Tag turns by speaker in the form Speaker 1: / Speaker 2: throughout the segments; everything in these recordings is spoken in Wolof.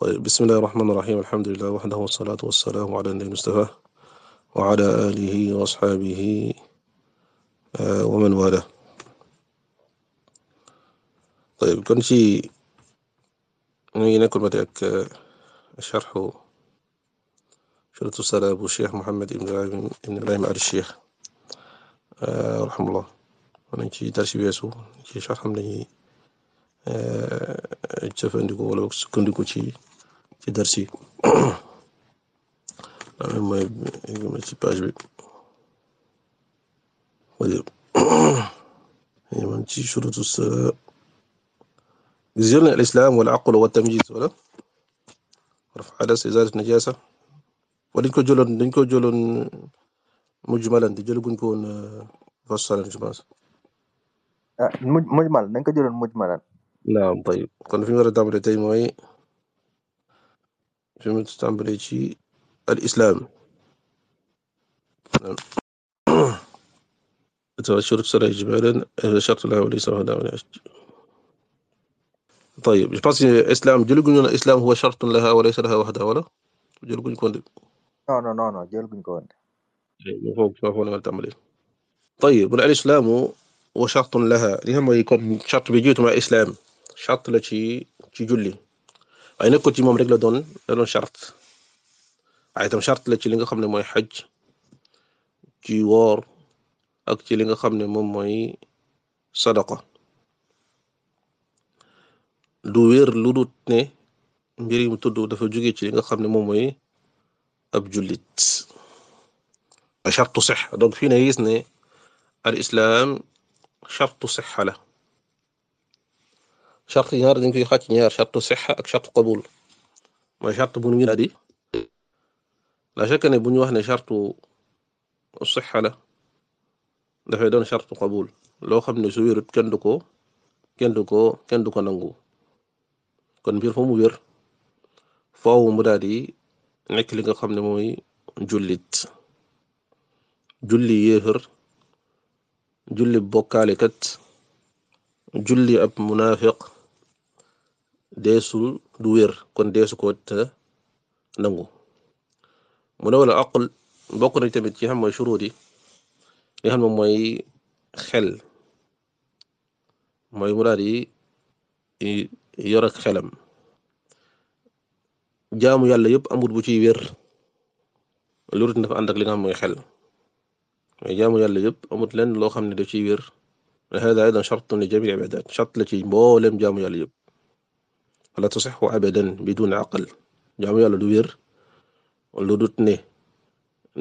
Speaker 1: bismillahi rahmaani rahiim alhamdulillahi wahdahu wassalaatu wassalaamu ala nabi Mustafa wa ala aalihi wa ashaabihi eh, wa man waalaahu tayib kon ci ñu ngi nekkoon ba tey ak eh, sharxu shuruutu salaa bu Cheikh Mohammed ibn Ibrahim ibn Ibrahim al Cheikh eh, rahimahullah wala ci darsi weesu ci sharxam lañuy jëfandiku wala sukkandiku ci ci dars yi loolu mooy ci page man ci surutu sa gis ne alislaam wala aqul wa tamyiz wala rafa adas izaarat najaasa wala dañ ko jëloon dañ ko jëloon mujmalan di jëlaguñ ko woon euh, fassalan je pense ah, mujmal dañ ko jëloon mujmalan naam tayib kon fi ñu war a tàmbalee mooy fi mu tàmbalee ci al islaam التبشر بسرعة جبالا شرط لها وليس وحدها ولا طيب je pense que islam jëlaguñu woon islam huwa shartun laha wa laysa laha wahdaha wala jëlaguñu ko woon de
Speaker 2: non non non non jëlaguñu ko woon
Speaker 1: de foofu foofu la tàmbali طيب bu ne al islam huwa shartun laha li xam mooy comme charte bi jiitu ma islam charte la ci ci julli waaye nekkul ci moom rek la doon la doon chart waaye tam chart la ci li nga xam ne mooy xaj ci woor ak ci li nga xam ne moom mooy sadaqa du wér lu dut ne mbir yi tudd dafa jóge ci li nga xam ne moom mooy ab jullit chartu six donc fii na gis ne al islam chartu sixa la charte ñaar dañ koy xàcc ñaar charte sixa ak charte qabul mooy charte bu ñu daal di la chaque ne bu ñu wax ne charte sixa la dafay doon charte qabul loo xam ne su wérut kenn du ko kenn du ko kenn du ko nangu kon mbir fa mu wér foowu mu daal di nekk li nga xam ne mooy jullit julli yéefër julli bokkaalekat julli ab munaafiq deesul du wér kon deesu ko nangu mu ne wala aql bokk na tamit ci xam mooy shuruut li xam moom mooy xel mooy mu daal di xelam jaamu yàlla yëpp amut bu ciy wér loolu dafa ànd ak li nga xam mooy xel mooy jaamu yàlla yëpp amut lenn loo xam ne da ciy wér hada aidan shart li jami ibadat shart la ci mboolem jaamu yàlla yëpp wala tasixu abadan bidun aql jaamu yàlla du wér lu dut ne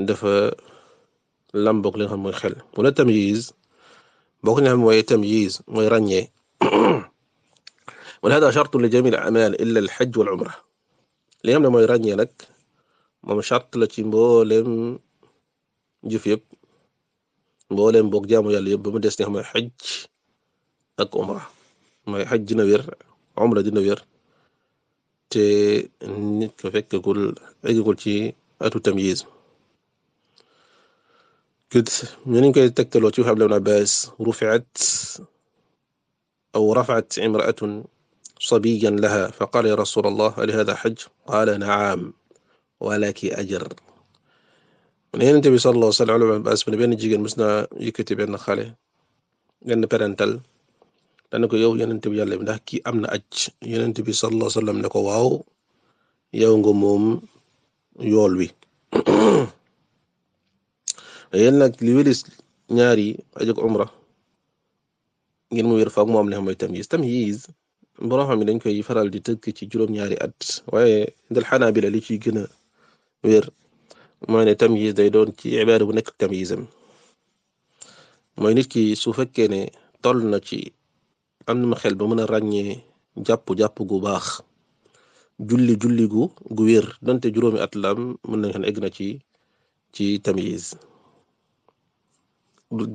Speaker 1: dafa làmboog li nga xam mooy xel wala tamyiz boo ko ñu xam mooy tamyiz mooy ràññee wala hada charte li jami al amal illa al xaj wal umra li nga xam ne mooy ràññee nag moom charte la ci mboolem jëf yëpp mboolem boog jaamu yàlla yëpp ba mu des li nga xam mooy xaj ak umra mooy xaj dina wér umra dina wér te nit ko fekkagul eggagul ci atu tamyiz كد من يمكن تكتلو تشوف عبد ابن عباس رفعت أو رفعت امرأة صبيا لها فقال يا رسول الله هل هذا حج؟ قال نعم ولك أجر من هنا النبي صلى الله عليه وسلم عباس بن بين جيجن مسنا يكتب أن خاله لأن برنتل dana ko yow yonent bi yàlla bi ndax kii am na aj yonent bi sallallahu alayhi ne ko waaw yow nga moom yool wi yéen nag li wélis ñaar yi aj ak umra ngir mu wér faag mu am li xam tamyiz tamyiz borom xam ne dañ koy faral di tëkk ci juróom-ñaari at waaye dal xanaabila li ciy gën a wér mooy ne tamyiz day doon ci ibaada bu nekk tamyizam mooy nit ki su fekkee ne toll na ci am na ma xel ba mën a ràññee jàpp jàpp gu baax julli julli gu gu wér donte juróomi at lam mën nañ xam egg na ci ci tamyiz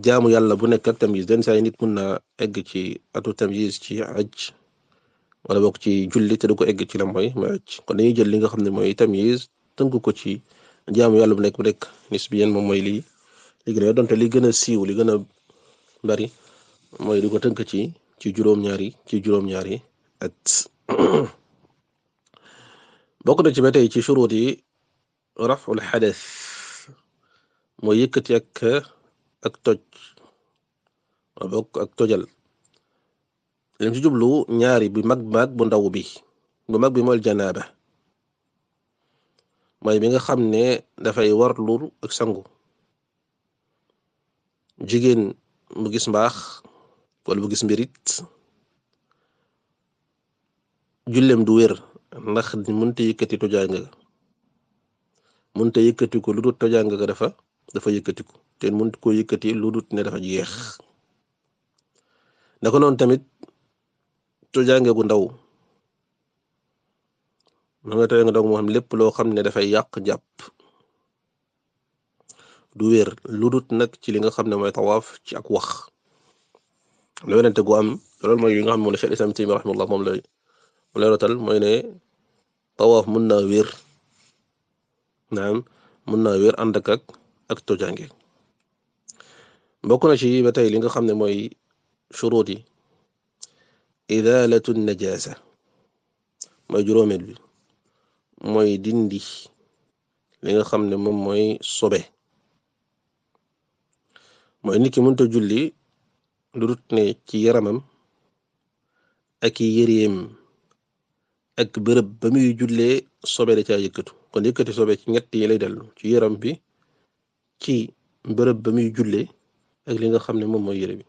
Speaker 1: jaamu yàlla bu nekk ak tamyiz den nit mun na egg ci atu tamyiz ci aj wala bokk ci julli te du ko egg ci la mooy mooy aj kon dañuy jël li nga xam ne mooy tamyiz tënk ko ci jaamu yàlla bu nekk bu nekk nisbiyan moom mooy lii li gën a donte li gën a siiw li gën a bari mooy di ko tënk ci ci juróom-ñaari ci juróom-ñaari bokk na ci ba tey ci shuruut yi raful xades mooy yëkkati ak ak toj waa bokk ak tojal lim ci jublu ñaari bi mag mag bu ndaw bi bu mag bi mooy janaaba mooy bi nga xam ne dafay warlu ak sangu jigéen mu gis mbaax wala bu gis mbir it jullem du wér ndax mënta yëkkati tojaanga ga mënta yëkkati ko lu dut tojaanga ga dafa dafa yëkkati ko te mënut koo yëkkati lu dut ne dafa jeex naka noonu tamit tojaanga gu ndaw man nga tojaanga ndaw moo xam lépp loo xam ne dafay yàq jàpp du wér lu nag ci li nga xam ne mooy tawaaf ci ak wax. loolu werante gu am loolu mooy yi nga xam ne moom la Cheikh Islam Taymiya rahimahullah moom la mu leerotal mooy ne tawaaf mun naa wér naam mun naa wér ànd ak ak tojange bokk na ci ba tey li nga xam ne mooy shuruut yi izaalatu najaasa mooy juróomeel bi mooy dindi li nga xam ne moom mooy sobe mooy nit ki mënta julli lu dut ne ci yaramam ak i yëreem ak bërëb ba muy jullee sobe da caa yëkkatu kon yëkkati sobe ci ñett yi lay dellu ci yaram bi ci bërëb ba muy jullee ak li nga xam ne moom mooy yëre bi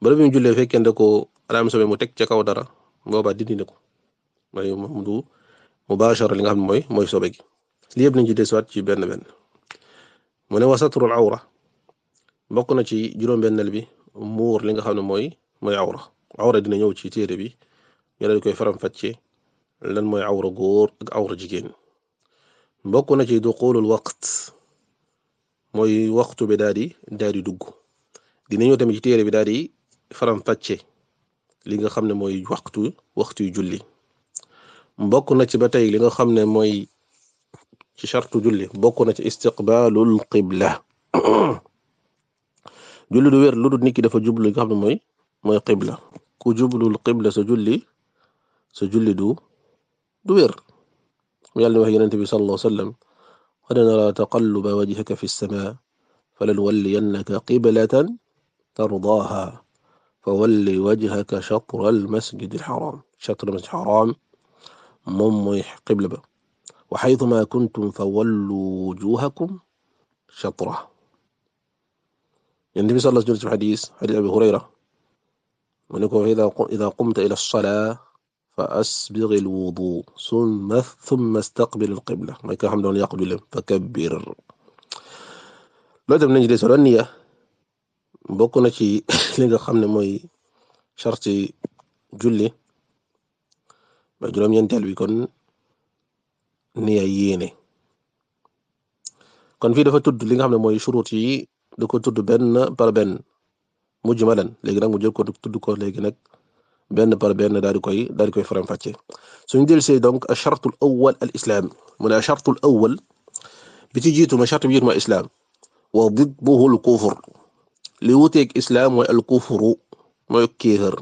Speaker 1: bërëb bi mu jullee fekkee da ko raam sobe mu teg ca kaw dara boobaa dindi na ko waaye moom du mubaashara li nga xam ne mooy mooy sobe gi li yëpp nañ ci desuwaat ci benn benn mu ne wasatrul awra bokk na ci juróom-benneel bi muur li nga xam ne mooy mooy awra awra dina ñëw ci téere bi ñu dañ koy faram-fàccee lan mooy awra góor ak awra jigéen bokk na ci duxulul waqt mooy waxtu bi daal di daal di dugg dina ñëw tamit ci téere bi daal di faram-fàccee li nga xam ne mooy waxtu waxtu yu julli bokk na ci ba tey li nga xam ne mooy ci chartu julli bokk na ci istiqbaalul qibla julli du wér lu dul nit ki dafa jublu li nga xam ne mooy mooy qibla ku jublul qibla sa julli sa julli du du wér yàlla wax yonent bi sallallahu alayhi wa sallam qad nara taqalluba wajhika fi as-samaa falanuwalliyannaka qiblatan tardaaha fa walli wajhaka shatra al-masjid al-haram shatra al-masjid al-haram moom mooy qibla ba wa haythumaa kuntum fa wallu wujuhakum shatrahu Yonent bi sallallahu alayhi wasallam ci xadis xadis Abi Hurayra mu ne ko idaa qumta ila as-salaa fa asbigh al-wuduu thumma istaqbil al-qibla mooy ka xam doon yaqbil fa kabbir loolu tamit nañu des wàllu niya bokk na ci li nga xam ne mooy sharti julli ba juróom-ñeenteel bi kon niya yéene kon fii dafa tudd li nga xam ne mooy shurut yi. du ko tudd benn par benn mujmalan léegi nag mu jël ko tudd ko léegi nag benn par benn daal di koy daal di koy faram-fàccee dellusee donc acharte al awal al islam mu ne acharte al ci jiitu ma charte bi jiitu ma islam wa didbuhu al kufr islam mooy al kufru mooy kéefër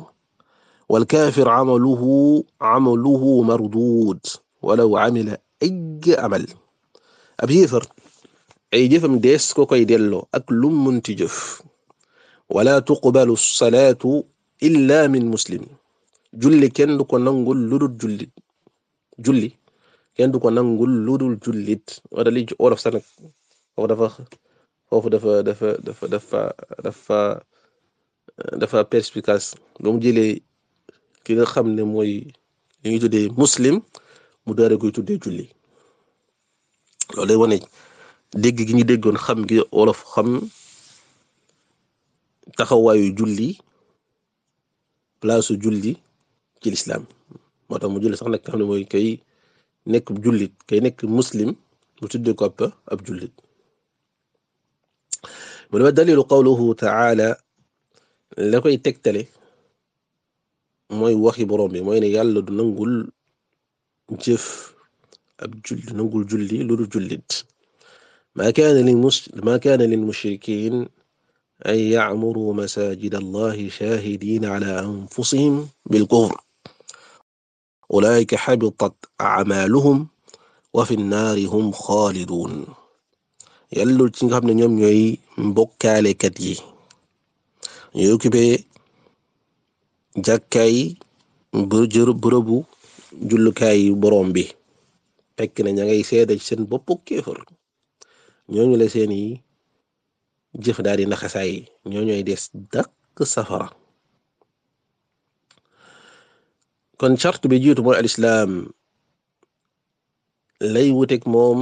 Speaker 1: wal kaafir amaluhu walaw amila ay amal ab ay jëfam dees ko koy delloo ak lum munti jëf wala tuqbalu salaatu illa min muslim julli kenn du ko nangul ludul jullit julli kenn du ko nangul ludul jullit wala li wolof sax dafa foofu dafa dafa dafa dafa dafa dafa perspicace ba mu jëlee ki nga xam ne mooy li ñuy tuddee muslim mu daare koy tuddee julli loolu lay dégg gi ñu déggoon xam gi wolof xam taxawaayu julli place julli ci lislaam moo tax mu julli sax nag nga xam kay nekk jullit kay nekk muslim mu tuddee ko ab ab jullit mu ne ma dalilu qawluhu taala la koy tegtale mooy waxi borom bi mooy ne yàlla du nangul jëf ab julli nangul julli lu dul jullit ما كان ما كان للمشركين أن يعمروا مساجد الله شاهدين على أنفسهم بالكفر أولئك حبطت أعمالهم وفي النار هم خالدون yàllul ci nga xam ne ñoom ñooy mbokkaalekat yi ñooy occupé jàkkaay bërëbu jullukaay boroom bi fekk na ña ngay seede ci seen bopp kéefër ñooñu la seen i jëf daal di naxasaay ñooñooy des dàq safara kon charte bi jiitu mooy alislaam lay wuteeg moom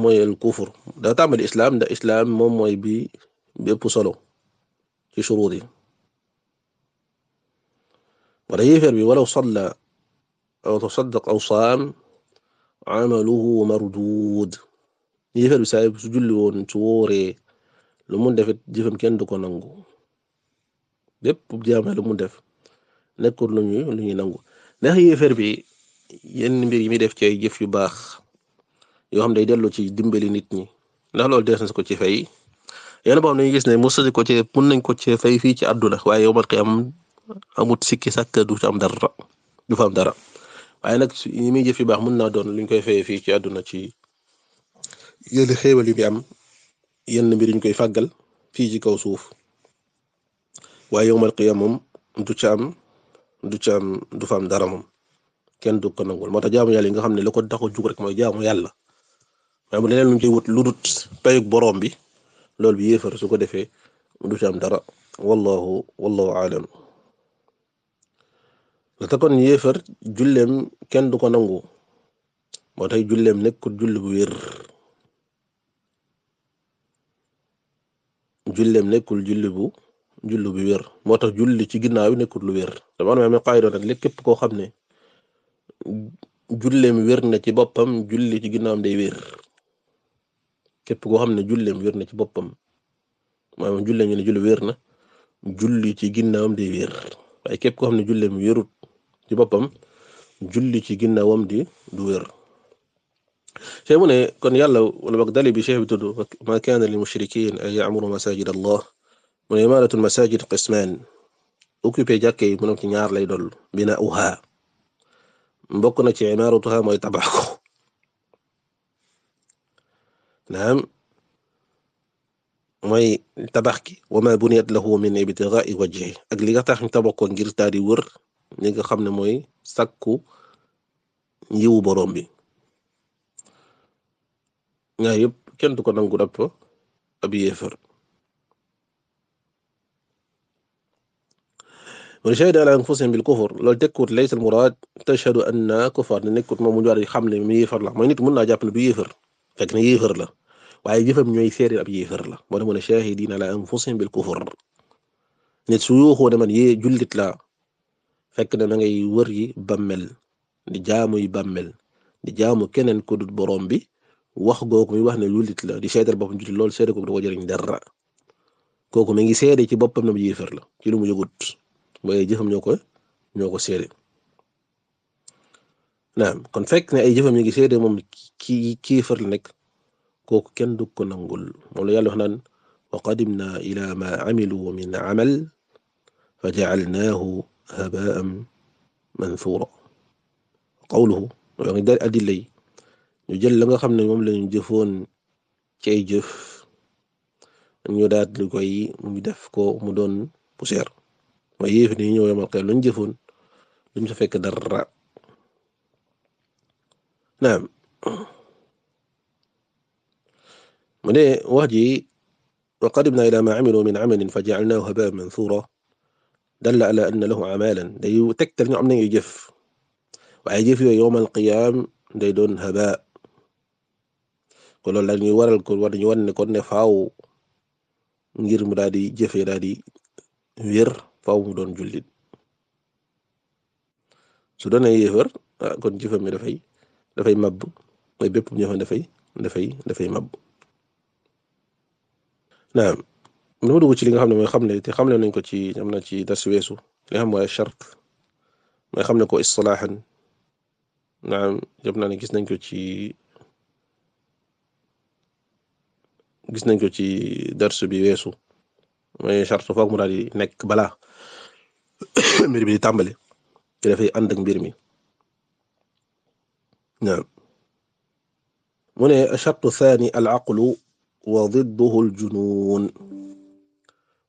Speaker 1: mooy al kufur daa tàmbali islaam da islaam moom mooy bi bépp solo ci shuruut yi wala yéeféer bi walaw salla aw tasaddaq aw saam amaluhu mardud yéefar bi saa su julli woon su wóoree lu mu def it jëfam kenn du ko nangu lépp jaamee lu mu def nekk lu ñuy lu ñuy nangu ndax yéefar bi yenn mbir yi muy def ci ay jëf yu baax yoo xam day dellu ci dimbali nit ñi ndax loolu dees na ko ci fay yenn boobu dañuy gis ne mos ko ci mun nañ ko ci fay fii ci àdduna waaye yow man kay am amut sikki sàkk du am dara du am dara waaye nag yi muy jëf yu baax mun naa doon luñ koy fay fii ci àdduna ci. yële xéewal yu bi am yenn mbir ñu koy faggal fii ci kaw suuf waaye yowmal qiyaam moom du ca am du ca am du fa am dara moom kenn du ko nangul moo tax jaamu yi nga xam ne la ko tax a rek mooy jaamu yàlla waaye mu leneen wut lu dut payug boroom bi loolu bi su ko defee du ca am dara wallahu wallahu aalam la ta kon julleem kenn du ko nangu moo tax julleem nekkul julli bu julleem nekkul julli bu julli bu weer moo tax julli ci ginnaaw bi nekkul lu wér te maanaam amee qaayida képp koo xam ne julleem wér na ci boppam julli ci ginnaawam day wér koo xam ne julleem wér na ci boppam maanaam jullee ñu ne julli wér na julli ci ginnaawam day wér waaye képp koo xam ne julleem wérut ci boppam julli ci ginnaawam di du wér. cheikh mu ne kon yàlla wala boog dali bi cheikh bi tudd ma kaana lil mushrikin ay ya'muru masajid allah mu ne imaaratul masajid qismaan occupé jàkke yi mu ne ci ñaar lay dool bina'uha mbokk na ci imaaratuha mooy tabax ko naam mooy tabax gi wa ma buniyat lahu min ibtighaa'i wajhi ak li nga tax ñu tabax ko ngir taa di wër li nga xam ne mooy sakku njiwu borom bi ñaar yëpp kenn du ko nangu dab ko ab yéefar man shahida ala anfusihim bil kufr loolu tekkuut laysa al muraad tashhadu anna kufar ne nekkut moom mu ñu xam ne mi yéefar la mooy nit mën naa jàpp ne du yéefar fekk ne yéefar la waaye jëfam ñooy seere ab yéefar la moo tax shahidina ala anfusihim bil kufr nit su man yee jullit la fekk na da ngay wër yi bàmmel jaamu yi bàmmel di jaamu keneen ku borom bi. wax googu muy wax ne lu lit la di seedal boppam jullit loolu seede kooku da ko jëriñ dara kooku mi ngi seede ci boppam na mu yéefar la ci lu mu yëgut mooy jëfam ñoo ko ñoo ko seede naam kon fekk ne ay jëfam ñu ngi seede moom ki ki yéefar la nekk kooku kenn du ko nangul moom la yàlla wax naan wa qadimna ila ma amilu min amal fa ja'alnahu haba'an manthura qawluhu wa ngi dar adillay ñu jël la nga xam ne moom lañu jëfoon ci ay jëf ñu daal di koy mu def ko mu doon poussière waaye yéef ni ñëw yamal kay luñ jëfoon luñ sa fekk dara naam mu ne wax ji wa qadimna ila ma amilu min amalin fa ja'alnahu haba'an manthura dalla ala anna lahu amalan day tegtal ñu am nañu jëf waaye jëf yooyu yawmal qiyaam day doon habaa kon loolu ñu waral ko war ñu wan ne kon ne faaw ngir mu daal di jëfee daal di faaw mu doon jullit su doonee yéefar ah kon jëfam mi dafay dafay màbb mooy bépp jëfam dafay dafay dafay naam nu ma dugg ci li nga xam ne mooy xam ne te xam ne nañ ko ci am na ci das weesu li nga xam mooy chart mooy xam ne ko islaaxan naam jëm naa ne gis nañ ko ci gis nañ ko ci darsu bi weesu mooy charte foog mu daal di nekk balaa mbir mi di tàmbali ci dafay ànd ak mbir mi naam mu ne charte thani al aqlu wa didduhu al junun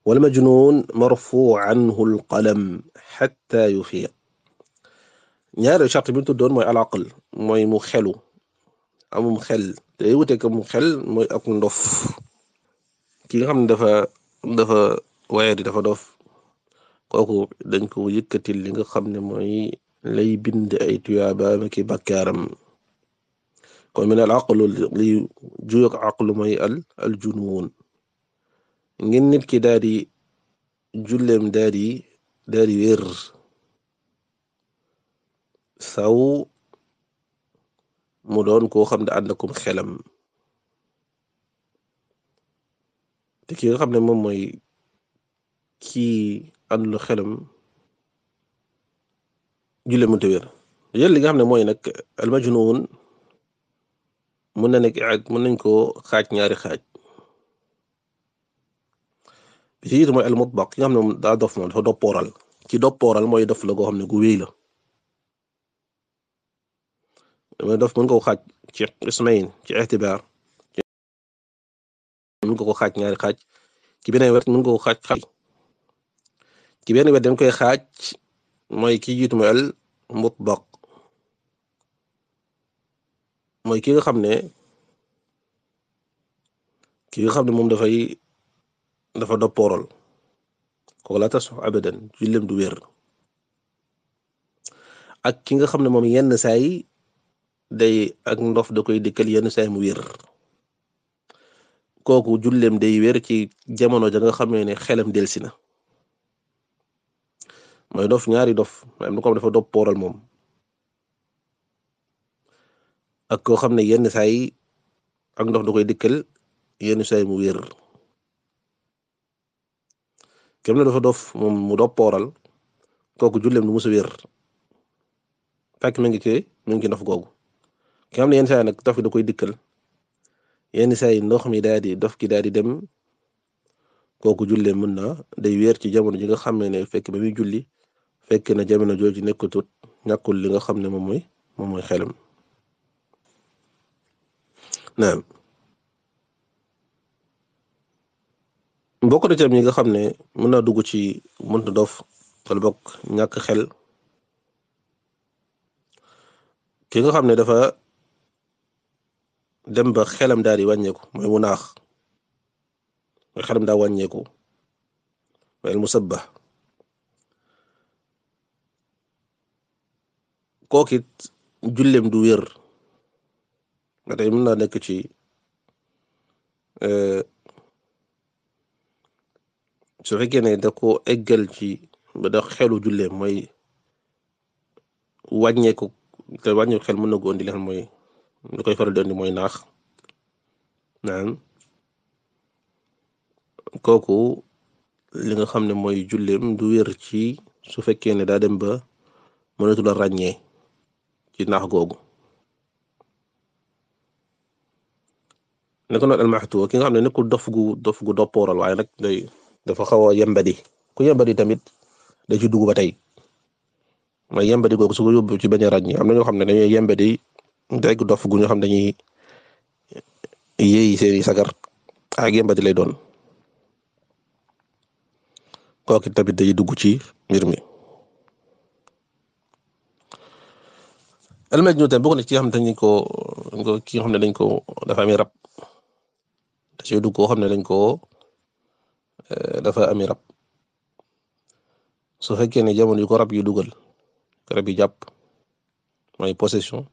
Speaker 1: wal majnun marfu anhu al qalam xatta yufiq ñaari charte bi ñu tuddoon mooy al aql mooy mu xelu amum xel te wute ko mu xel mooy ak ndof ki nga xam ne dafa dafa waaye di dafa dof kooku dañ ko yëkkatil li nga xam ne mooy lay bind ay tuyaabaam ki bakkaaram kon min al aqlu li juyok aqlu mooy al al junuun ngir nit ki daal di julleem daal saw mu doon koo xam ne ànd akum xelam te ki nga xam ne moom mooy kii àndul xelam julle mënta wér yéen li nga xam ne mooy nag al majnun mën na nekk ak mën nañ koo xaaj ñaari xaaj bi ci jiitu mooy al mutbaq ki am xam ne daa dof moom dafa doppooral ki doppooral mooy dof la goo xam ne gu wéy la mooy dof mën nga ko xaaj ci ismayn ci itibaar mën nga ko xaaj ñaari xaaj ci beneen wet mën nga ko ci beneen wet dañ koy xaaj mooy ki jiitu mooy al mutbaq mooy ki nga xam ne ki nga xam ne moom dafay dafa doppooral kooku laa ci abadan du wér ak ki nga xam ne moom yenn saa yi day ak ndof da koy dikkal yenn saa mu wér kooku jullem day wér ci jamono ja nga xamee ne xelam delsi na mooy dof ñaari dof ko dafa dopp moom ak koo xam ne yenn saa yi ak ndof da koy dikkal yenn saa mu wér kem dafa dof pooral kooku jullem du musa wér fekk mi ngi ci mi ngi ci ndof googu nga xam ne yenn saa koy dikkal yenn saa yi ndox mi daal di dof ki daal di dem kooku julle mën na day weer ci jamono ji nga xam ne fekk ba muy julli fekk na jamono jooju nekkatut ñàkkul li nga xam ne moom mooy moom mooy xelam naam bokk na yi nga xam ne mën naa dugg ci mënta dof wala bokk ñàkk xel ki xam ne dafa dem ba xelam daal di wàññeeku mooy mu naax mooy xelam daa wàññeeku mooy musabba kookit jullem du wér nga tey mën naa nekk ci e, su fekkee ne da ko eggal ci ba da xelu julleem mooy wàññeeku te wàññeeku xel mën na ko indi leen mooy lu koy faral di mooy naax naan kooku li nga xam ne mooy julleem du wér ci su fekkee ne daa dem ba mënatul a ràññee ci naax googu naka noonu almaxtu ki nga xam ne nekkul dof gu dof gu doppooral waaye nag day dafa xaw a yembadi ku yembadi tamit da ci dugg ba tey mooy yembadi googu su ko yóbbu ci bañ a ràññee am na ñoo xam ne dañuy yembadi dégg dof gu ñu xam dañuy yéey seeni sagar ak yembati lay doon kooku tamit day dugg ci mbir mi. almet ñu tam bokk na ci xam ne dañ ko ki nga xam ne dañ ko dafa ami rab da ciy dugg koo xam ne dañ ko eh, dafa ami rab su fekkee ne jamono yu ko rab yu dugal rab yu jàpp mooy possession.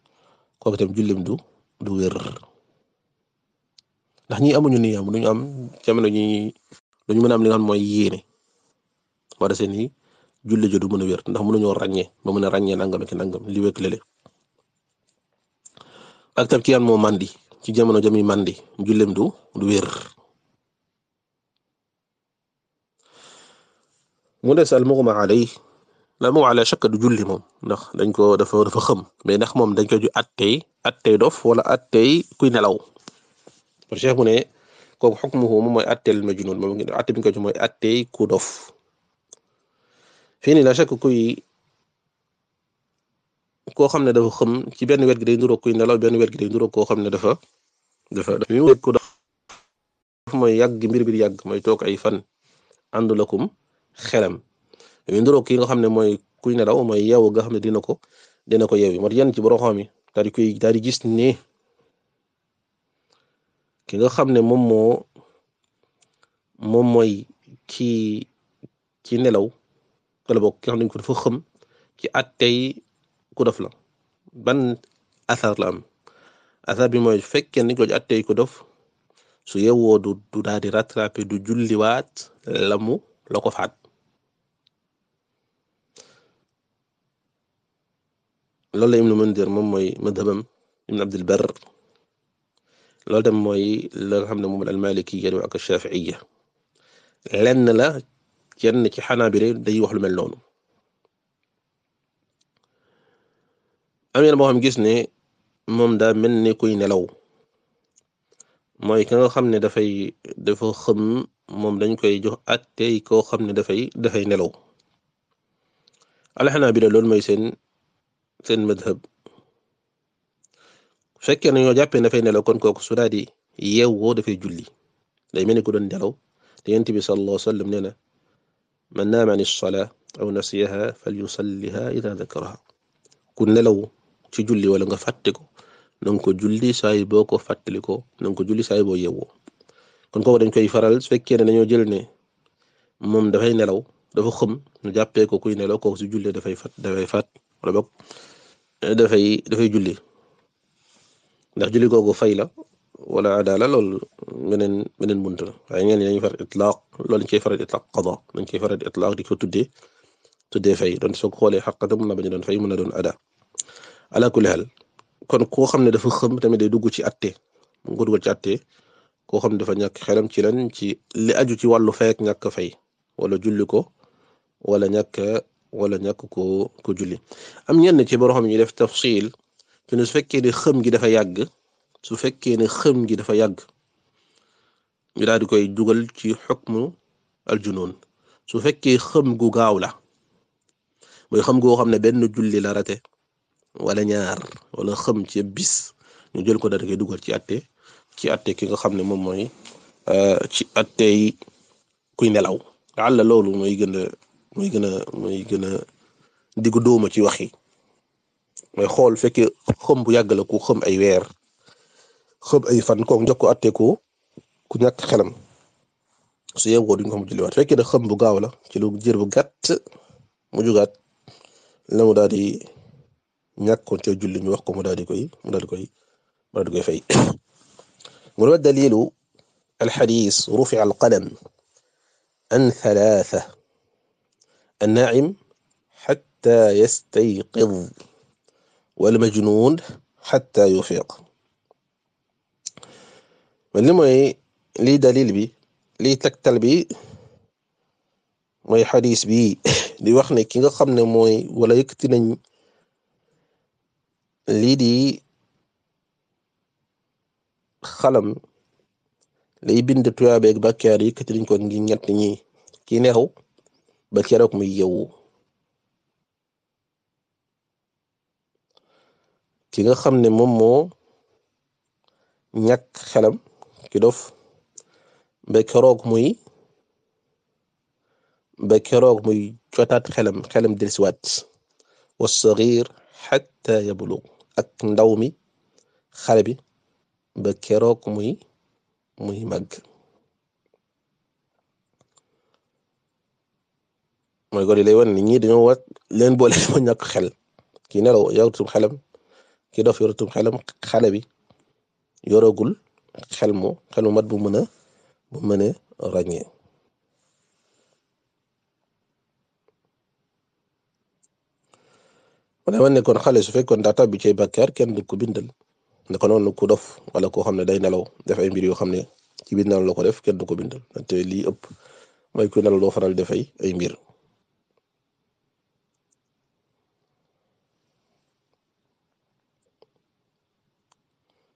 Speaker 1: kooku itam jullim du du wér ndax ñi amuñu niyaam duñu am jamono ji duñu mën a am li nga mooy yéene moo tax seen i julli jo du mën a wér ndax mënuñoo ràññee ba mën a ràññee nangam ak nangam li wékk lele ak tam ki yan moo mandi ci jamono jami mandi jullem du du wér mu des al mughma alayhi la moom ala shakk du julli moom ndax dañ ko dafa dafa xëm mais ndax moom dañ ko ju attey attey dof wala attey kuy nelaw par cheikh mu ne kooku xukmuhu moom mooy atteel majnun moom atte bi ñu ko ci mooy attey ku dof fii nii la shakk kuy koo xam ne dafa xëm ci benn wet gi day nduróog kuy nelaw benn wet gi day nduróog koo xam ne dafa dafa mi wet ku dof mooy yàgg mbir bi yàgg mooy toog ay fan àndulakum xelam dañuy nduroog ki nga xam ne mooy kuy nelaw mooy yeewu nga xam ne dina ko dina ko yeewi moo yenn ci boro xam yi daal di gis ne ki nga xam ne moom moo moom mooy ki ki nelaw wala boog ki xam ne ko dafa xëm ci at tey ku dof la ban asar la am asar bi mooy fekkee ni ko at tey ku dof su yeewoo du du daal di rattraper du julliwaat lamu la ko faat. loolu la Ibnu Mundir moom mooy madhabam Ibn Abdul Barr loolu tam mooy la nga xam ne moom al-Malikiyya ak Shafi'iyya lenn la kenn ci Hanaabila day wax lu mel noonu am na boo xam gis ne moom daa mel ni kuy nelaw mooy ki nga xam ne dafay dafa xëm dañ koy jox at tey koo xam ne dafay dafay nelaw al-Hanaabila mooy seen. seen madhab bu fekkee ne ñoo jàppee dafay nelaw kon kooku su daal di yeewoo dafay julli day mel ni ku doon nelaw te yonent bi sallallahu alayhi wa sallam nee na man naama ani salaa aw nasiyaha falyusalliha ida dakaraha ku nelaw ci julli wala nga fàtte ko na nga ko julli saa yi boo ko fàttali ko ko julli saa boo yeewoo kon kooku dañ koy faral su fekkee ne dañoo jël ne moom dafay nelaw dafa xëm ñu jàppee ko kuy nelaw kooku su jullee dafay fat wala boog dafay dafay julli ndax julli googu fay la wala adaala loolu beneen beneen bunt la waaye ñenn ñi dañuy faral itlaaq loolu dañ koy faral itlaaq qada dañ koy faral itlaaq di ko tuddee tuddee fay doon soo ko xoolee da mun na bañ a doon fay mun a doon ada ala kulli hal kon koo xam ne dafa xëm tamit day dugg ci atte mu ngi dugg ci atte koo xam ne dafa ñàkk xelam ci lan ci li aju ci wàllu fay ak fay wala julli ko wala ñàkk wala ñàkk koo ko julli am ñenn ci borom yi def tafsil te su fekkee ne xëm gi dafa yàgg su fekkee ne xëm gi dafa yàgg ñu daal di koy dugal ci xukmu aljunoon su fekkee xëm gu gaaw la mooy xëm goo xam ne benn julli la rate wala ñaar wala xëm ci bis ñu jël ko daal koy dugal ci atte ci atte ki xam ne moom mooy euh, ci atte yi kuy nelaw àlla loolu mooy gën mooy gën a a diggu dóoma ci wax yi mooy xool fekke xëm bu yàgg la ku xëm ay weer xëm ay fan kooku njëkk ko atteeku ku ñàkk xelam su yeewoo duñ ko mu julliwaat fekkee da xëm bu gaaw la ci lu jër bu gàtt mu jugaat la mu daal di ñàkkoon ca wax ko mu daal di koy mu daal di koy mu daal koy fay mu ne dalilu alxadis rufi alqalam an thalatha الناعم حتى يستيقظ والمجنون xatta yufiq man li mooy lii dalil bi lii tegtal bi mooy xadis bi di wax ne ki nga xam ne mooy wala yëkkati nañ lii di xalam lay bind tuyaabeeg bàkkaar yëkkati nañ ko ngir ñett ñi ki neexu ba keroog muy yow ki nga xam ne moom moo ñàkk xelam ki dof ba muy ba muy cotaat xelam xelam delsiwaat was-saghir hatta yablugh ak ndaw mi xale bi ba muy muy màgg mooy kon lay wan nit ñi dañoo wat leen boole ma ñàkk xel kii nelaw yorutum xelam kii dof yorutum xelam xale bi yoragul xel moo xel mu mat bu mën a bu mën a ràññee mu ne ma ne kon xale su fekkoon daa tàbbi ci bàkkaar kenn du ko bindal ne ko noonu ku dof wala koo xam ne day nelaw def ay mbir yoo xam ne ci biir nelaw la ko def kenn du ko bindal te lii ëpp mooy ku nelaw loo faral def ay ay mbir.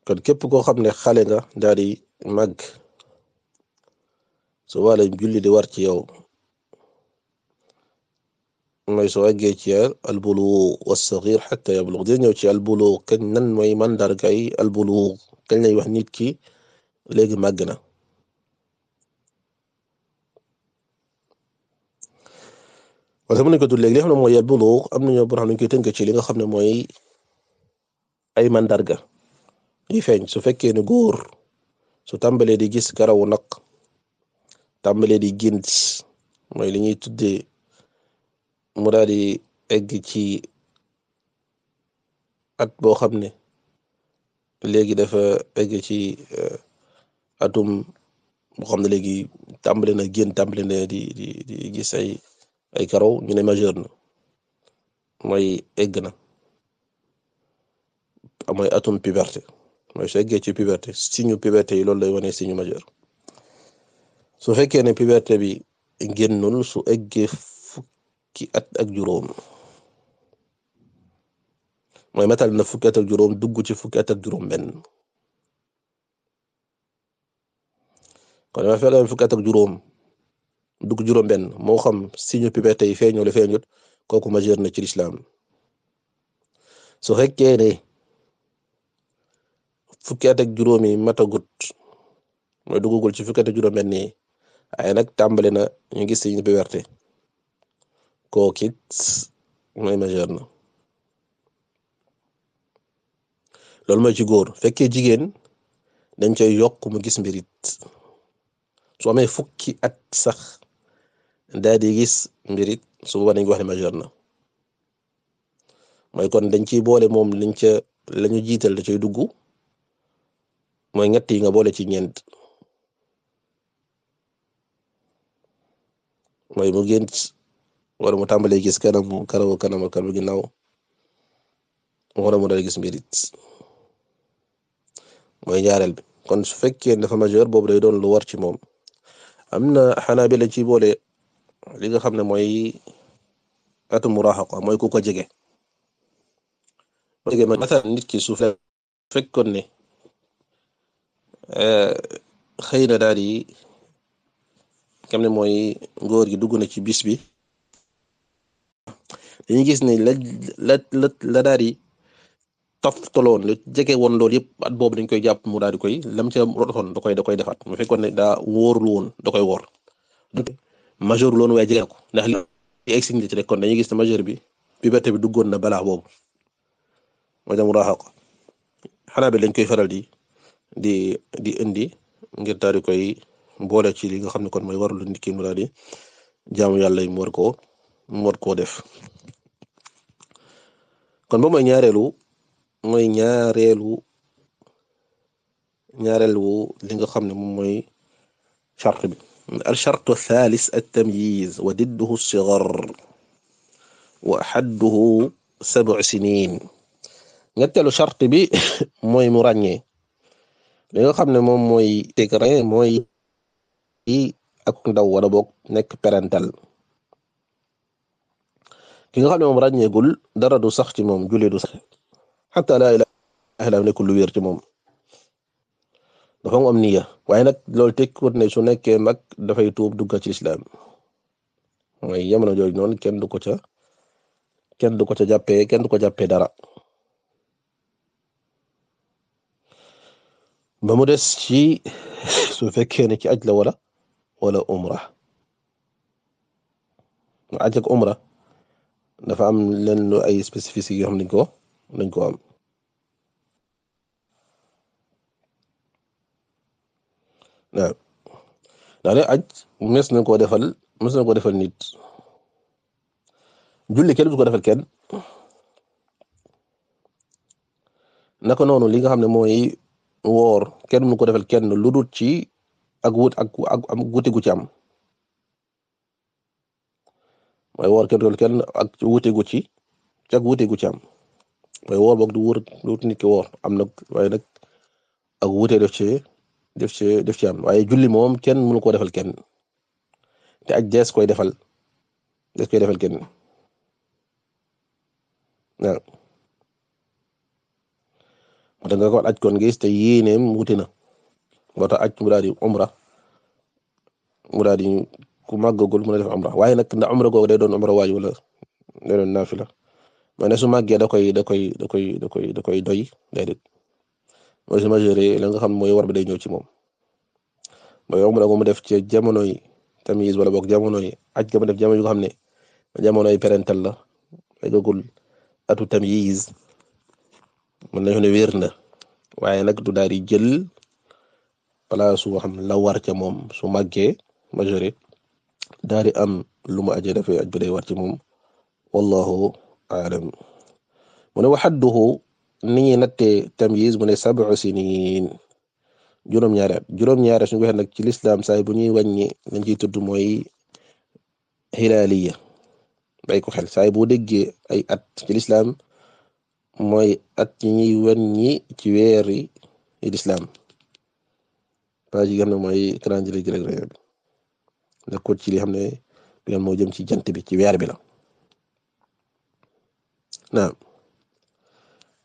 Speaker 1: kon képp koo xam ne xale nga daal di màgg su wàllam julli di war ci yow mooy soo àggee ci albulu wassaxir xata yablug dina ñëw ci albulu kañ nan mooy mandargay albulu kañ lay wax nit ki léegi màgg na wala mën nañ ko tudd léegi li xam ne mooy albulu am nañoo boo xam ne ñu koy tënk ci li nga xam ne mooy ay mandarga yi feeñ su fekkee ne góor su tàmbalee di gis karawu nag tàmbalee di gént mooy li ñuy tuddee mu daal egg ci at boo xam ne léegi dafa egg ci eh, atum boo xam ne léegi tàmbale na génn tàmbale na di di di gis ay karaw ñu ne majeur na mooy egg na mooy atum puberté mooy su eggee ci puberté signe puberté yi lool lay wane signe majeur su fekkee ne puberté bi génnul su eggee fukki at ak juróom mooy matal na fukki dugg ci fukki at ak juróom ma fekk fukki at ak juróom dugg juróom benn moo xam signe puberté yi feeñoo la feeñut kooku majeur na ci lislaam su fekkee ne fukki at ak juróomi matagut mooy duggagul ci fukki at ak juróom benni ay nag tàmbali na ñu gis ci ñu puberté kooku it mooy majeur na loolu mooy ci góor fekkee jigéen dañ coy yokk mu gis mbirit soo may fukki at sax daal di gis mbirit su boobaa dañ koy wax ne majeur na mooy kon dañ ciy boole moom lañ ca la ñu jiital da cay dugg. mooy ñett yi nga boole ci ñeent mooy mu gént wala mu tàmbalee gis kanamu karawu kanamu kanamu ginnaaw wala mu dal gis mbirit mooy ñaareel bi kon su fekkee dafa majeur boobu day doon lu war ci moom am na xanaa bi la ci boole li nga xam ne mooy atu murahaqa mooy ku ko jege. jege ma masalan nit ki su fekkoon ne. Euh, xëy na daal di xam ne mooy ngóor gi dugg na ci bis bi dañuy gis ne la la la la daal di toftaloon woon loolu yëpp at boob dañ koy jàpp mu daal di koy lam ca rotoon da koy da koy defaat mu fekkoon ne daa wóorul woon da koy wóor majeur loon waaye jege ko ndax li exigné ci rek kon dañuy gis ne majeur bi puberté bi duggoon na balaa boobu mooy dem raaxa ko xanaa bi dañ koy faral di. di di indi ngir daal koy boole ci li nga xam ne kon mooy warul nit ki mu daal di jaamu yàlla yi mu war koo mu koo def kon ba mooy ñaareelu mooy ñaareelu ñaareelu li nga xam ne moom mooy chart bi al chart thalis al tamyiz wa didduhu sigar wa axadduhu sab'u sinin ñetteelu chart bi mooy mu ràññee li nga xam ne moom mooy décret mooy ak ndaw wala boog nekk parental ki nga xam ne moom ràññeegul dara du sax ci moom julli du sax xataa laa ilaaha illallaah nekkul lu wér ci moom dafa am niya waaye nag loolu tekkiwut ne su nekkee mag dafay tuub dugga ci lislaam yam jamono jooju noonu kenn du ko ca kenn du ko ca jàppee kenn du ko jàppee dara. ba mu des ci su fekkee ne ci aj la wala wala umra aj ak umra dafa am leen lu ay spécificité yoo xam ne dañ ko dañ ko am waaw daa dee aj mes na koo defal mes na koo defal nit julli kenn du ko defal kenn naka noonu li xam ne mooy woor kenn mu ko defal kenn lu dul ci ak wut ak ak am wuti gu ci am mooy woor kenn dool kenn ak wuti gu ci ci ak wuti gu ci am mooy woor boog du wóor du wut nit ki woor am na waaye nag ak wute def ci def ci def ci am waaye julli moom kenn mënu ko defal kenn te ak dees koy defal dees koy defal kenn waaw moo tax nga ko aj kon gis te yéeneem wuti na moo tax aj mu daal di umra mu daal di ku màggagul mu def umra waaye nag ndax umra googu doon umra waay wala day doon naafila mais ne su màggee da koy da koy da koy da koy da koy doy déedéet mooy su majeure la nga xam mooy war bi day ñëw ci moom mooy umra gu mu def ci jamono yi tamyiz wala boog jamono yi aj ga mu def jamono yu nga xam ne jamono yi parental la eggagul atu mën nañu ne wér na waaye nag du daal jël place su xam la war ca moom su màggee majoré daal am lu mu aje dafay day war ci moom wallahu aalam mu ne waxadduhu ni ñuy nattee tamyiz mu ne sab'u sinin juróom-ñaari at juróom-ñaari at suñu waxee nag ci lislaam saay bu ñuy waññi lañ ciy tudd mooy hilaaliya bay ko xel saay boo déggee ay at ci lislaam mooy at yi ñuy wàññi ci weer yi lislaam page yi nga xam ne mooy calendrier grégorien bi nekkul ci li xam ne li nga moo jëm ci jant bi ci weer bi la naam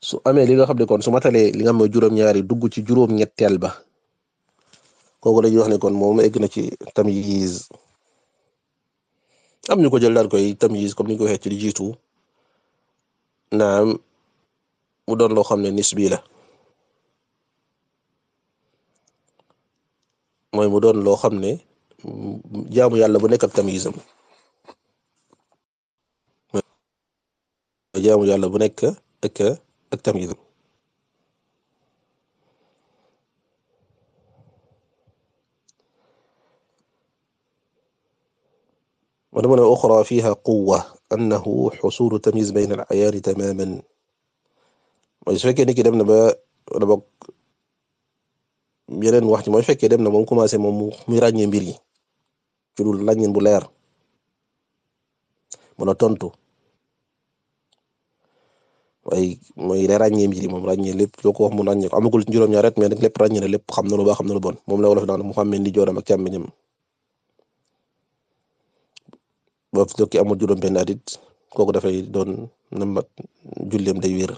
Speaker 1: su amee li nga xam ne kon su matalee li nga xam juróom-ñaari dugg ci juróom-ñetteel ba kooku dañuy wax ne kon moom egg na ci tamyiz am ñu ko jël daal koy tamyiz comme ni ñu ko waxee ci li jiitu naam. mu doon loo xam ne nisbi la mooy mu doon loo xam ne jaamu yàlla bu nekk ak tamisam jaamu yàlla bu nekk ak ak tamisam ولمن أخرى فيها قوة أنه حصول تمييز بين الأعيان تماما mooy su fekkee ni dem na ba wala boog wax ci mooy fekkee dem na moom commencé moom muy ràññee mbir yi ci lu bu leer mën a tontu waaye mooy day ràññee mbir moom ràññee lépp loo ko wax mu ràññee ko amagul juróom-ñaar rek mais nag lépp ràññee xam na lu baax xam na lu bon moom la wolof naan mu xàmmee ndi jooram ak càmmiñam boo fi amul juróom-benn at it kooku dafay doon na mat julleem day wér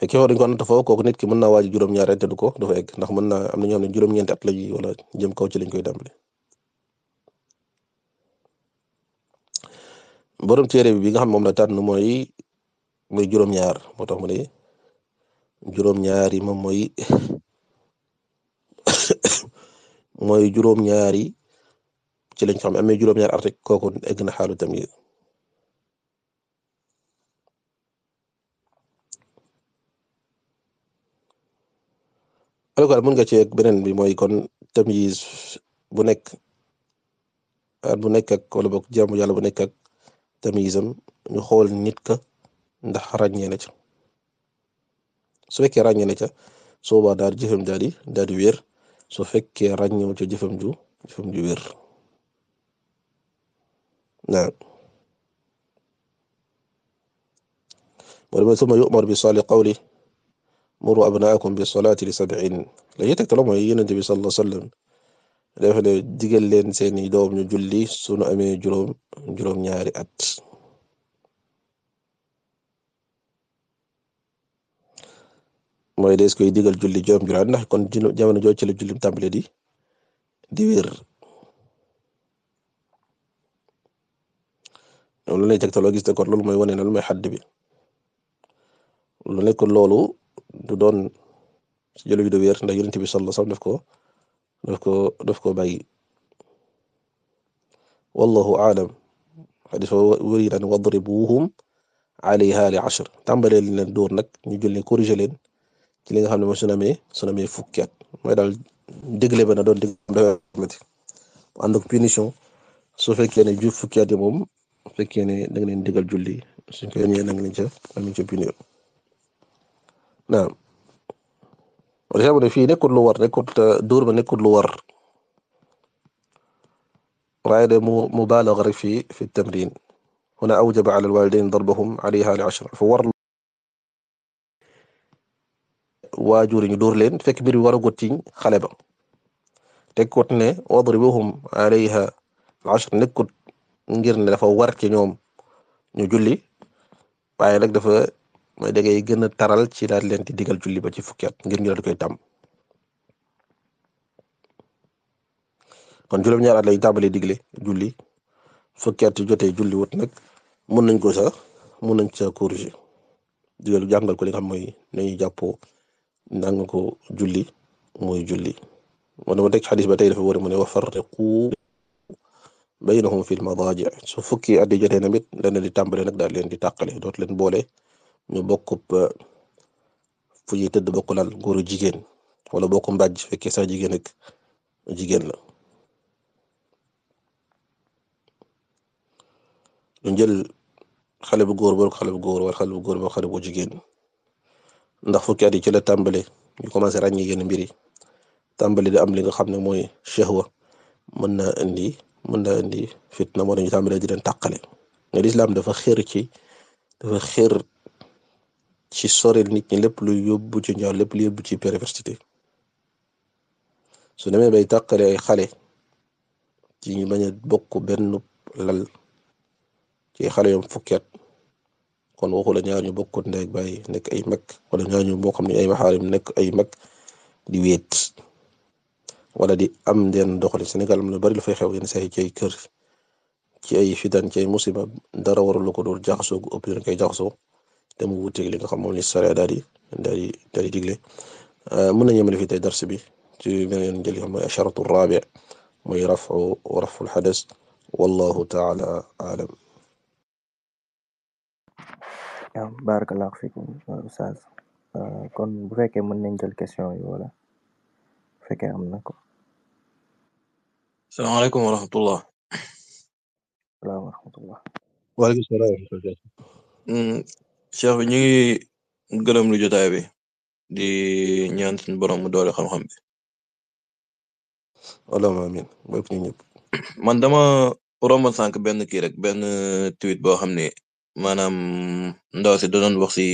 Speaker 1: fekkee war dañ ko natt foofu kooku nit ki mën naa waaj juróom-ñaar ko du fa egg ndax mën naa ñoo xam ne juróom-ñeenti at la wala jëm kaw ci lañ koy dàmbale. borom téere bi bi nga xam moom la tànn mooy mooy juróom-ñaar moo juróom-ñaar yi moom mooy mooy juróom-ñaar yi ci lañ xam amee juróom-ñaar at rek kooku na xaalu tamit. alors que mun nga ci beneen bi mooy kon tamyiz bu nekk bu nekk ak wala boog jaamu yàlla bu nekk ak tamyizam ñu xool nit ka ndax ràññee na ca su fekkee ràññee na ca soobaa daal jëfam daal di daal di wér soo fekkee ràññew ca jëfam ju jëfam ju wér naam moo demee suma yu'mar bi saali qawli muru abnaakum bi salaati li sab'in la ñuy tegtalo mooy yonent bi sallallahu alayhi wasallam dafa ne digal leen seeni doom ñu julli sunu amee juróom juróom ñaari at mooy des koy digal julli juróom juróom ndax kon jamono jooju ci la julli tàmbale di di wér loolu lay tegtaloo gis te kon loolu mooy wane na lu mooy xadd bi lu nekk loolu du doon si jëlu yu du wér ndax yonent bi sallallahu alayhi wasallam daf ko daf ko daf ko bàyyi wallahu aalam xadis ba wëri daan wadribuhum alayha li ashr tàmbalee liñ leen dóor nag ñu jël leen leen ci li nga xam ne mooy suname suname fukki at mooy daal dégle ba na doon déglu dafa ànd ak punition su fekkee ne ju fukki yi moom fekkee ne da nga leen digal julli su fekkee ne da nga leen ca da nga naam wala xam ne fii nekkul lu war nekkul duur ba nekkul lu war waaye de mu mubaalaga rek fii fi tamrin huna awjaba ala alwalidain darbahum alayha li ashra fa war waajur ñu dóor leen fekk mbir bi war a gottiñ xale ba tekkut ne wadribuhum alayha al ashr nekkut ngir ne dafa war ci ñoom ñu julli waaye nag dafa mooy da ngay gën a taral ci daal leen di digal julli ba ci fukki at ngir ñu daal koy tàmm kon juróom-ñaar at lay tàmbalee digle julli fukki at yu jotee julli wut nag mun nañ ko sax mun nañ sa corriger digal jàngal ko li nga xam mooy nañu jàppoo nang ko julli mooy julli moo dama teg xadis ba tey dafa war mu ne wa farriqu baynahum fil madaaji su fukki at yi jotee tamit dana di tàmbale nag daal leen di tàqale dootu leen boole ñu bokk fu ñuy tëdd bokk lal góor jigéen wala bokk mbàjj fekkee sax jigéen ak jigéen la ñu jël xale bu góor boog xale bu góor wala xale bu góor boog xale jigéen ndax fukki at yi ci la tàmbali ñu commencé ràññee yenn mbir yi tàmbali di am li nga xam ne mooy shahwa mën na indi mën na indi fitna moo dañu tàmbali di leen tàqale mais l'islam dafa xër ci dafa xër ci soril nit ñi lépp luy yóbbu ci ñoom lépp lu yóbbu ci perversité su demee bay tàqale ay xale ci ñu bañ a bokk benn lal ci xale yom fukki kon waxu la ñaar ñu bokkut ndey ak nekk ay mag wala ñaar ñu boo xam ne nekk ay mag di weet wala di am den doxali Sénégal am na bari lu fay xew yenn saa yi ci ay kër ci ay fitan ci dara warul la ko dul jaxasoo gu ëpp dañ koy jaxasoo te mu wuuteeg li nga moom la sariya daal di daal di daal di digle euh, mën nañu yemale fi tey dars bi ci beneen jël xam mooy asharatu rabi mooy rafu rafu alxadas wallahu taala alam
Speaker 2: waaw barakallahu fikum euh, mën nañ jël question yi wala bu Cheikh bi ñu ngi gërëm lu jotaay bi di ñaan suñu borom mu doole xam-xam bi.
Speaker 1: allahumma amiin barke ñu ñëpp.
Speaker 2: man dama romb sànq benn kii rek benn tweet boo xam ne maanaam ndaw si da doon wax si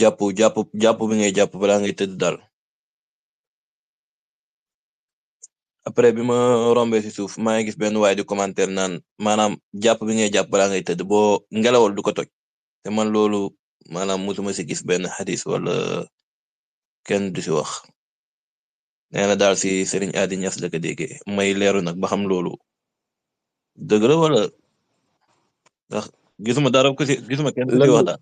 Speaker 2: jàpp jàpp jàpp bi ngay jàpp balaa ngay tëdd daal. après bi ma rombee ci suuf maa ngi gis benn waay di commentaire naan maanaam jàpp bi ngay jàpp balaa ngay tëdd boo ngelawal du ko toj. te man loolu maanaam mosuma si gis benn xadis wala kenn du si wax nee na daal si Serigne Adi Niass la ko may leeru nag ba xam loolu dëgg la wala
Speaker 1: ndax gisuma dara ku si gisuma kenn du si wax daal.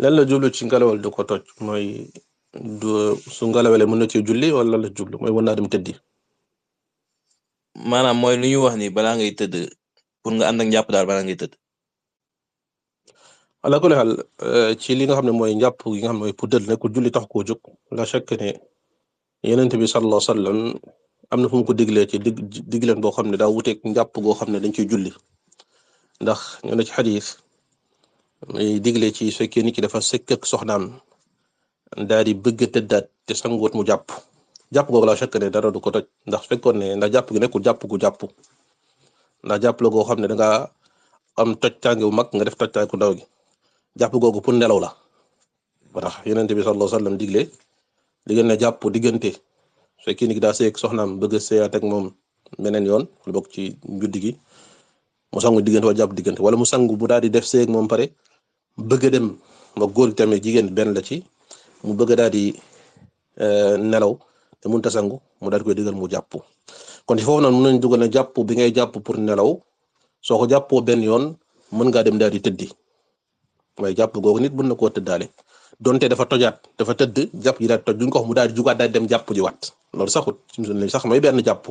Speaker 1: lan la jublu ci ngelawal du ko toj du su ngelawale mën na ci julli wala lan la jublu mooy war naa dem tëddi.
Speaker 2: maanaam mooy lu ñuy wax ni balaa ngay tëdd pour nga ànd ak njàpp daal balaa ngay tëdd.
Speaker 1: ala kulli xaal eh, ci li nga xam ne mooy njàpp gi nga xam ne mooy puddal ne ko julli tax koo jóg la chaque ne yonent bi sallallahu alayhi wasallam am na fu mu ko diglee ci dig digleen boo xam ne daa wuteeg njàpp goo xam ne dañ ciy julli ndax ñu ci xadis muy digle ci su fekkee nit ki dafa sëkk ak daal di bëgg tëddaat te sangoot mu jàpp jàpp googu la chaque ne dara du ko toj ndax su fekkoon ne ndax jàpp gi nekkul jàpp gu jàpp ndax jàpp la xam ne da nga am toj tànge bu mag nga def toj tànge ku ndaw gi. jàpp googu pour nelaw la ba tax bi sallallahu alayhi wasallam digle li ngeen diggante su fekkee ni daa seeg soxnaam bëgg a seeyaat ak moom beneen yoon lu bokk ci juddi gi mu sangu diggante jàpp diggante wala mu sangu bu daal di def seek moom pare bëgg dem ba góor tamit jigéen benn la ci mu bëgg daal di euh, nelaw te mun ta sangu mu daal di koy digal mu jàpp kon foofu noonu mu nañu dugal ne jàpp bi ngay jàpp pour nelaw soo ko jàppoo benn yoon mën ngaa dem daal di tëddi. mooy jàpp googu nit mën na koo tëddaale donte dafa tojaat dafa tëdd jàpp ji daal toj duñ ko wax mu daal di jugaat daal dem jàpp ji waat loolu saxut suñu sax mooy benn jàpp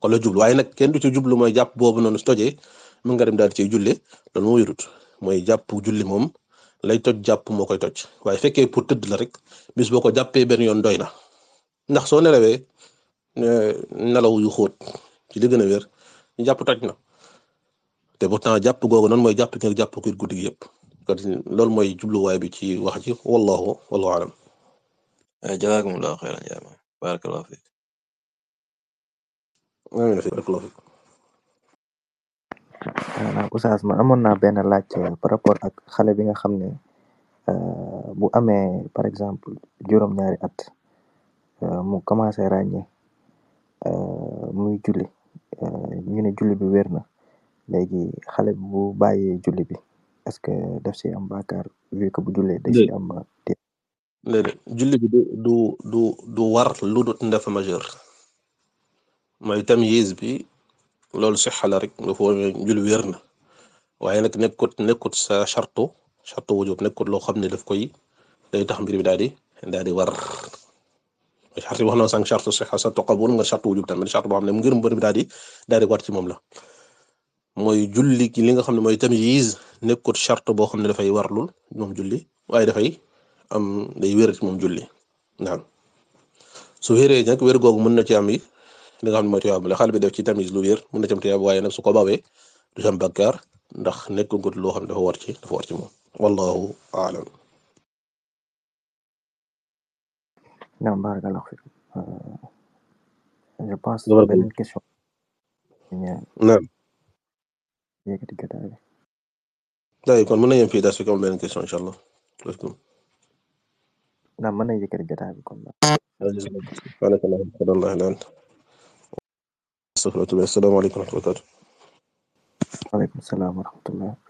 Speaker 1: ko la waaye nag kenn du ci jublu mooy jàpp boobu noonu su tojee mën nga dem daal di ciy julle loolu moo wérut mooy jàpp julli moom lay toj jàpp moo koy toj waaye fekkee pour tëdd la rek bis boo ko jàppee benn yoon doy na ndax soo nelawee eh, nelaw yu xóot ci li gën a wér jàpp toj na te pourtant jàpp googu noonu mooy jàpp nga jàpp kuy guddi yëpp loolu mooy jubluwaay bi ci wax ji wallahu wallahu alam eh, jazakumullahu xayran yaa ma barakallahu fiik amiin barakallahu fiik
Speaker 2: eh, Oustaz ma amoon naa benn laaj eh, par rapport ak xale bi nga xam ne bu amee par exemple juróom-ñaari at mu commencé ràññee muy juli ñu ne julli bi wér na
Speaker 1: léegi xale bu bàyyee julli bi est-ce que def si am baakaar vu que bu jullee da si am euh, déedéet bi du du du war lu dut dafa majeur mooy tamyiz bi loolu si xala rek dafa war jul wér na waaye nag nekkut nekkut sa chartu chartu wujub nekkut loo xam ne daf koy day tax mbir bi daal di daal di war charte yi wax na sànq chartu sixa sa toqabul nga chartu wujub tamit charte boo xam ngir mbir bi daal di war ci moom la mooy julli ki li nga xam ne mooy tamyiz nekkut charte boo xam ne dafay warlul moom julli waaye dafay am day wér ci moom julli naam su wéree nag wér googu mën na ci am yi li xal bi def ci tamyiz lu na ci am waaye nag su ko bawee du ci am bakkaar loo xam ne dafa war ci dafa war ci moom wallahu aalam naam yëkkati jotaay bi. daay kon mën na yem fii daal su ko am benn question incha allah. ndax mën na yëkkati jotaay bi kon. asalaamaaleykum wa rahmatulah.
Speaker 2: waaleykum salaam wa